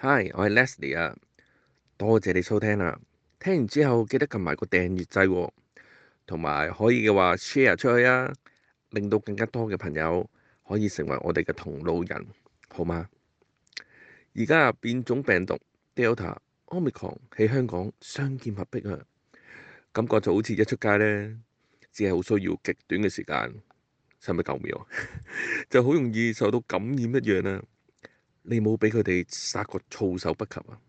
Hi，我係 Leslie 啊，多謝你收聽啊！聽完之後記得撳埋個訂閱掣，同埋可以嘅話 share 出去啊，令到更加多嘅朋友可以成為我哋嘅同路人，好嗎？而家變種病毒 Delta、Omicron 喺香港雙劍合璧啊，感覺就好似一出街咧，只係好需要極短嘅時間，係咪九秒？ 就好容易受到感染一樣啊。你冇俾佢哋殺個措手不及啊！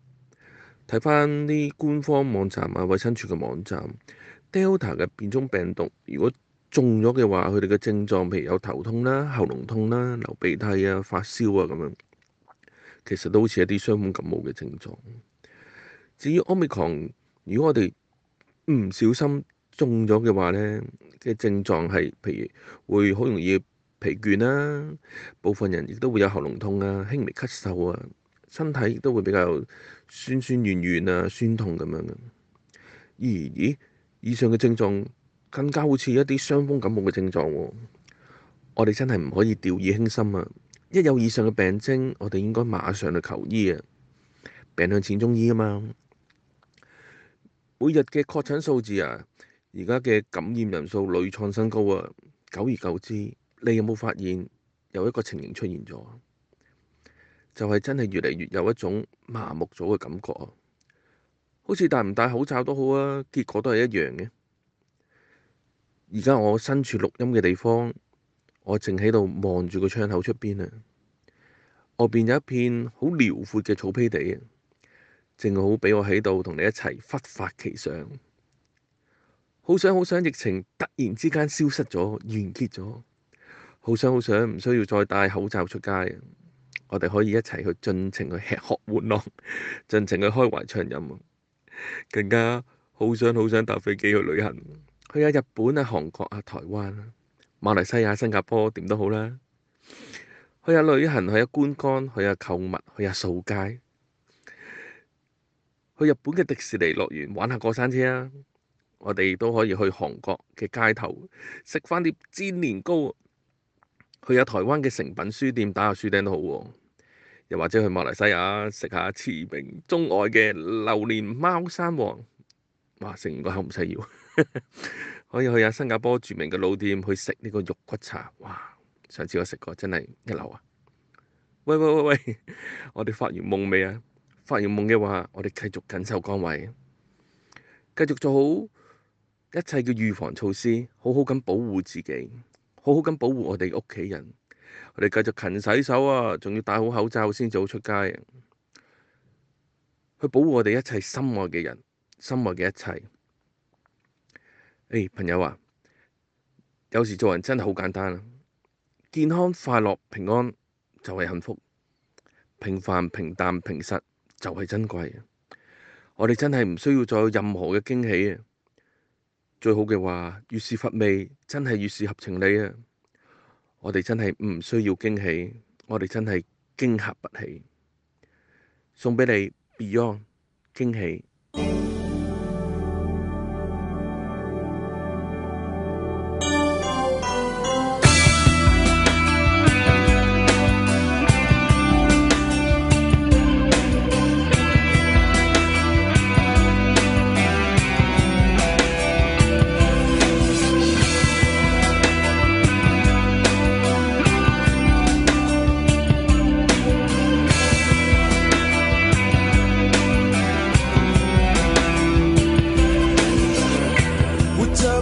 睇翻啲官方網站啊，衞生署嘅網站，Delta 嘅變種病毒，如果中咗嘅話，佢哋嘅症狀譬如有頭痛啦、啊、喉嚨痛啦、啊、流鼻涕啊、發燒啊咁樣，其實都好似一啲傷風感冒嘅症狀。至於奧密克戎，如果我哋唔小心中咗嘅話咧，嘅症狀係譬如會好容易，疲倦啦、啊，部分人亦都會有喉嚨痛啊，輕微咳嗽啊，身體亦都會比較酸酸軟軟啊，酸痛咁樣。而咦，以上嘅症狀更加好似一啲傷風感冒嘅症狀喎、啊。我哋真係唔可以掉以輕心啊！一有以上嘅病徵，我哋應該馬上去求醫啊。病向淺中醫啊嘛。每日嘅確診數字啊，而家嘅感染人數屢創新高啊，久而久之。你有冇發現有一個情形出現咗，就係、是、真係越嚟越有一種麻木咗嘅感覺。好似戴唔戴口罩都好啊，結果都係一樣嘅。而家我身處錄音嘅地方，我正喺度望住個窗口出邊啊。外邊有一片好遼闊嘅草皮地，正好畀我喺度同你一齊忽發奇想。好想好想疫情突然之間消失咗，完結咗。好想好想，唔需要再戴口罩出街，我哋可以一齊去盡情去吃喝玩樂，盡情去開懷暢飲。更加好想好想搭飛機去旅行，去下日本啊、韓國啊、台灣、馬來西亞、新加坡，點都好啦。去下旅行，去下觀光，去下購物，去下掃街。去日本嘅迪士尼樂園玩下過山車啊！我哋都可以去韓國嘅街頭食翻啲煎年糕。去下台灣嘅誠品書店打下書釘都好喎，啊，又或者去馬來西亞食下馳名中外嘅榴蓮貓山王，哇！食完個口唔使要。 可以去下新加坡著名嘅老店去食呢個肉骨茶，哇！上次我食過真係一流啊！喂喂喂喂！我哋發完夢未啊？發完夢嘅話，我哋繼續緊守崗位，繼續做好一切嘅預防措施，好好咁保護自己。好好咁保護我哋屋企人，我哋繼續勤洗手啊，仲要戴好口罩先至好出街，去保護我哋一切心愛嘅人、心愛嘅一切。誒、哎，朋友啊，有時做人真係好簡單啊！健康、快樂、平安就係、是、幸福，平凡、平淡、平實就係、是、珍貴。我哋真係唔需要再有任何嘅驚喜啊！最好嘅話，越是乏味，真係越是合情理啊！我哋真係唔需要驚喜，我哋真係驚嚇不起。送畀你 Beyond 驚喜。